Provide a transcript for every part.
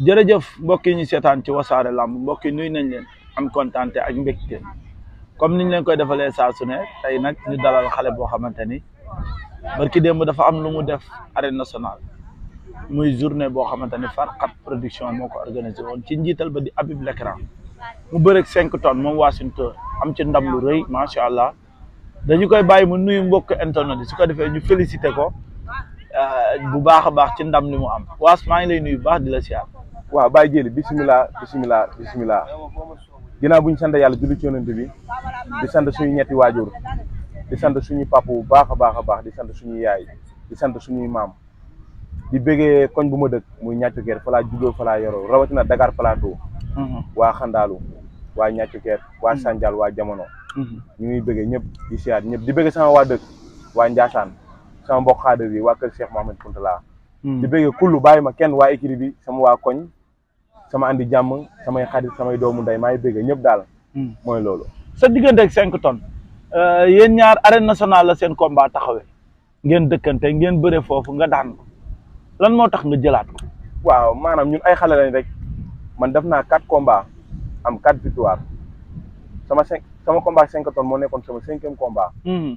jërëjëf mbokk yi ñu seetaan ci wasaare làmb mbokk yi nuyu nañ leen am kontaan ak mbégte comme niñ leen koy defalee saa su ne tey nag ñu dalal xale boo xamante ni barki démb dafa am lu mu def arène nationale muy journée boo xamante far Farkat production moo ko organisé woon ci njiital ba di Habib Lecran mu bëreeg cinq tonnes moom Washington am ci ndam lu rëy macha allah dañu koy bàyyi mu nuyu mbokk internet yi su ko defee ñu félicité ko euh, bu baax a baax ci ndam li mu am waas maa ngi lay nuyu baax di la siyaar waaw bàyyi jëli bisimilah bisimilah bisimilah ginnaaw bu ñu sant yàlla julli ci yonent di sant suñu ñetti waajur di sant suñu papa bu baax a baax a baax di sant suñu yaay di sant suñuy maam di bëggee koñ bu ma dëkk muy ñàccu keer fa laa juddoo fa laa yoroo rawatina Dakar mhm. waa Xandaalu waa ñàccu keer waa mhm. Sandial waa jamono. Mhm. ñu ngi bëggee ñëpp di siyaat ñëpp di bëggee sama waa dëkk waa Njaasaan sama mbokk xaadir yi waa kër Cheikh Mohamed Kounta laa di bëggee kullu bàyyi ma kenn waa bi sama waa koñ sama andi jàmm samay xarit samay doomu ndey maay bëgg ñëpp daal. Hmm. mooy loolu. sa diggante ak 5 tonnes euh, yéen ñaar arène nationale la seen komba taxawee ngeen dëkkante ngeen bëre foofu nga daan lan moo tax nga jëlaat ko. waaw maanaam ñun ay xale lañ rek man def naa kat combats am 4 victoire sama 5 sama combat 5 tonnes moo nekkoon sama cinquième combat. Hmm.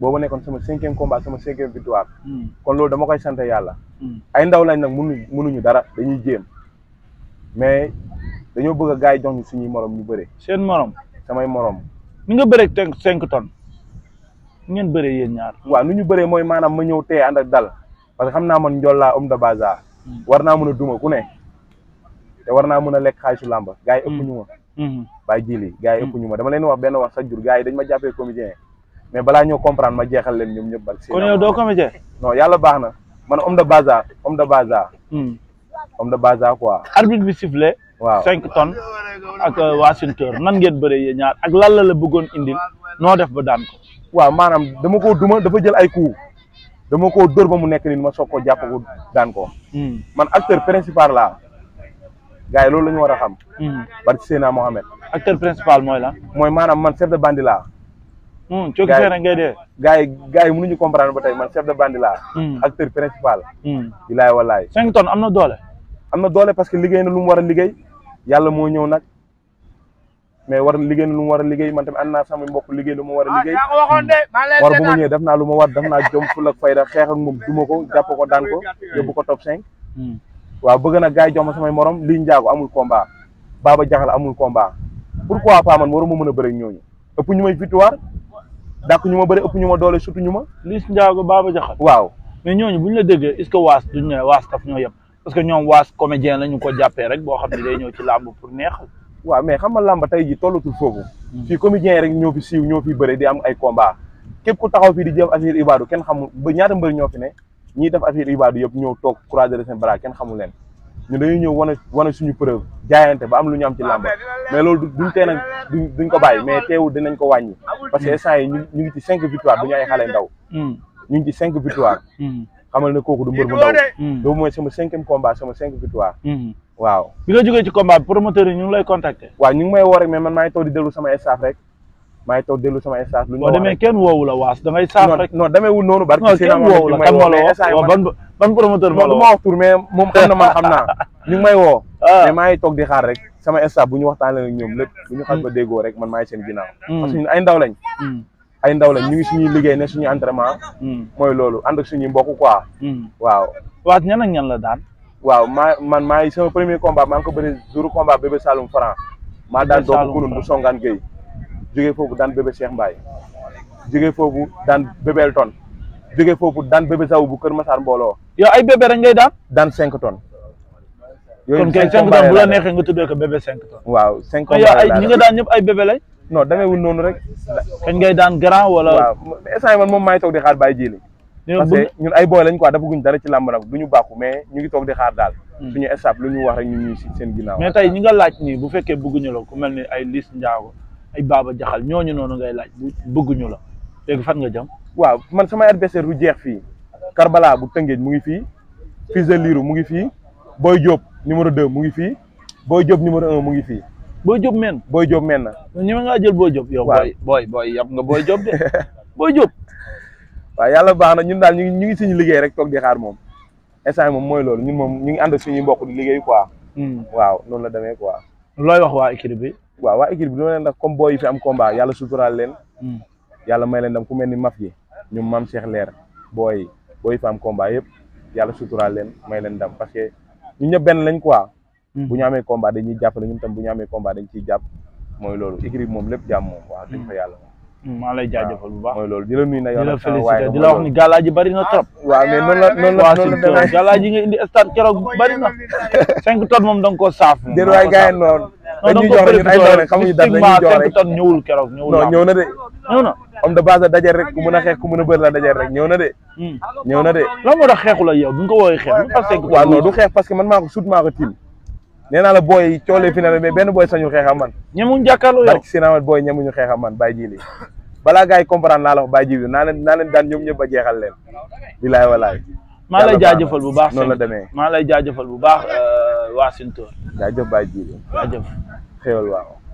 boobu nekkoon sama cinquième combat sama cinquième victoire. Hmm. kon loolu dama koy sant yàlla. ay ndaw lañ nag mënuñu mënuñu dara dañuy mais dañoo bëgg a gars yi jox ñu suñuy morom ñu bëre. seen morom samay morom. ni nga bëree cinq cinq tonnes ngeen bëree yéen ñaar. waaw nu ñu bëree mooy maanaam ma ñëw tee ànd ak dal parce que xam naa man njool laa homme de bazar. Hmm. war naa mën a duma ku ne. te naa mën a lekk xaalisu làmba. gars yi hmm. ëpp ñu ma. Hmm. bàyyi jili gars yi ëpp ñu ma dama leen wax benn wax chaque jour yi dañ ma jàppee comédien mais balaa ñoo ma jeexal leen ñoom ñëpp. barke kon yow yàlla baax na man homme de bazar homme de bazar. homme de Baza quoi. arbitre bi sifflé. waaw cinq tonnes ak waa euh, nan ngeen bëree yéen ñaar ak lan la la bëggoon indil noo def ba daan ko. waaw maanaam dama koo duma dafa jël ay coups dama ko dër ba mu nekk nii ma soog ko jàpp ko daan ko. Hmm. man acteur principal laa. gars loolu la war a xam. Hmm. barki Seyna Mohamed. acteur principal mooy la. mooy maanaam man chef de bande laa. Hmm, coo gisee rek ngay dee. gars yi gars yi mënuñu comprendre ba tey man chef de bande laa. acteur principal. bilaay walaay. cinq am na doole. am na doole parce que liggéey na lu mu war a liggéey yàlla moo ñëw nag mais war liggéey na lu mu war a liggéey man tamit ànd naa sama mbokk liggéey lu ma war a liggéey ah, war bu ma ñëwee def naa lu ma war def naa jom ful ak fayda xeex ak moom duma ko jàpp ko daan ko yóbbu ko top cinq hmm. waaw bëgg na gars yi ma samay morom lii njaago amul combat Baba Jaxal amul combat pourquoi pas man waruma mën a bëri ñooñu ëpp ñu may victoire dàq ñu ma bëri ëpp ñu ma doole surtout ñu ma Liss Ndiago Baba Jaxal waaw mais ñooñu buñ la déggee est-ce que waas duñ ne waas yëpp parce que ñoom waas comédien la ñu ko jàppee rek boo xam ne day ñëw ci làmb pour neexal. waaw mais xam nga làmb tey ji tollatul foofu. Hmm. fii comédien yi rek ñoo fi siiw ñoo fi bëre di am ay combat képp ku taxaw fii di jëm affaire ibaadu kenn xamul ba ñaata mbër ñoo fi ne ñiy def affaire ibaadu yëpp ñëw toog croiser seen bras kenn xamul leen ñu dañuy ñëw wane suñu preuve jaayante ba am lu ñu am ci làmb ah, mais loolu duñ tee nag duñ ko bàyyi mais teewul dinañ ko wàññi ñu ngi ci cinq victoire du ñu ay xale xamal ne kooku du mbër bu ndaw boobu mooy sama cinquième combat sama cinq victoire mhm. waaw bi nga jógee ci combat bi yi ñu lay contacter waaw ñu may woo rek da ngay saaf rek non demee wul noonu barki kenn woowu may toog di xaar rek sama staff bu ñu waxtaanee ak ñoom lépp bu ñu xas ba mm. déggoo rek man maa seen ginnaaw mm. parce que ay ndaw ay ndaw la ñu ngi suñuy liggéey ne suñuy entraînement. Hmm. mooy loolu ànd suñu suñuy mbokk quoi. Hmm. waaw waaw ñan ñan la daan. waaw maa man maay premier combat maa ngi ko bëri jour combat bébé Saloum Franc. maa daan doomu kunun bu songaan Guèye. jógee foofu daan bébé Cheikh Mbaye. jógee foofu daan bébé Elton. jógee foofu daan bébé Saw bu Kër Massar mbooloo. yow ay bébé rek ngay daan. daan 5 tonnes. yooyu 5 tonnes kon kay 5 tonnes bu la neexee nga tuddee ko bébé 5 tonnes. waaw 5 ay ñi daan non demeewul noonu rek. kañ ngay daan grand wala. waaw instant yi man moom maay toog di xaar bàyyi jili parce que ñun ay booy lañ quoi dafa guñ dara ci làmb nag du ñu bàkku mais ñu ngi toog di xaar daal. Hmm. suñu étape lu ñu wax rek ñun ñu si seen ginnaaw. mais tey ñi nga laaj nii bu fekkee bëgguñu la ku mel ni ay Liss Ndiago ay Baba Jaxal ñooñu noonu ngay laaj bu bëgguñu la léegi fan nga jëm. waaw man sama adversaire du jeex fii Karbala bu Tëngéej mu ngi fii Fils de Lirou mu ngi fii Boy Diop numéro 2 mu ngi fii Boy Diop numéro 1 mu ngi fii booy Diop men booy Diop meen na. ñu ma ngaa jël booy Diop yow. booy booy yab nga booy Diop de booy Diop. waaw yàlla baax na ñun daal ñu ngi ñu ngi suñu liggéey rek toog di xaar moom instant moom mooy loolu ñu moom ñu ngi ànd suñuy mbokk di liggéey quoi. Hmm. waaw noonu la demee quoi. looy wax waa équipe bi. waaw waa équipe bi leen def comme booy yi fi yàlla suturaal leen. Hmm. yàlla may leen dem ku mel ni maf yi ñoom maam Cheikh Leer booy booy fi am combat yëpp yàlla suturaal leen may leen dam parce que ñun benn lañ quoi bu ñu amee combat dañuy bu ñu amee combat dañ ciy jàpp mooy loolu écrit moom lépp jàmm moom waaw dañ fa yàlla mm, maa lay jaajëfal loolu di la nuyu na yow di la ah, félicité wax ni gala ji bëri na ah, trop waaw mais noonu la noonu la noonu nga indi stade keroog bëri na cinq tonnes moom da nga koo saaf déet waay gars yi noonu dañuy jox ñun ay doole xamuñu dara dañuy jox rek cinq tonnes ñëwul keroog ñëwul non ñëw de ñëw na homme base la dajal rek ku mën a xeex ku mën a bëri la dajal rek ñëw na de hmm. ñëw na de lan moo tax xeexu la yow bu nee naa la booy coolee fi na la mais benn booy sañu xeex am man. ñemuñ jàkkaarloo yow barki Sinamat booy ñemuñu xeex am man bàyyi ji lii balaa gaay yi naa la wax bàyyi ji bi naa leen naa leen daan ñoom ñëpp a jeexal leen. bilaay walaay. maa lay jaajëfal bu baax noonu la demee maa lay jaajëfal bu baax euh, waa Sintor. jaajëf bàyyi ji lii. jaajëf waaw.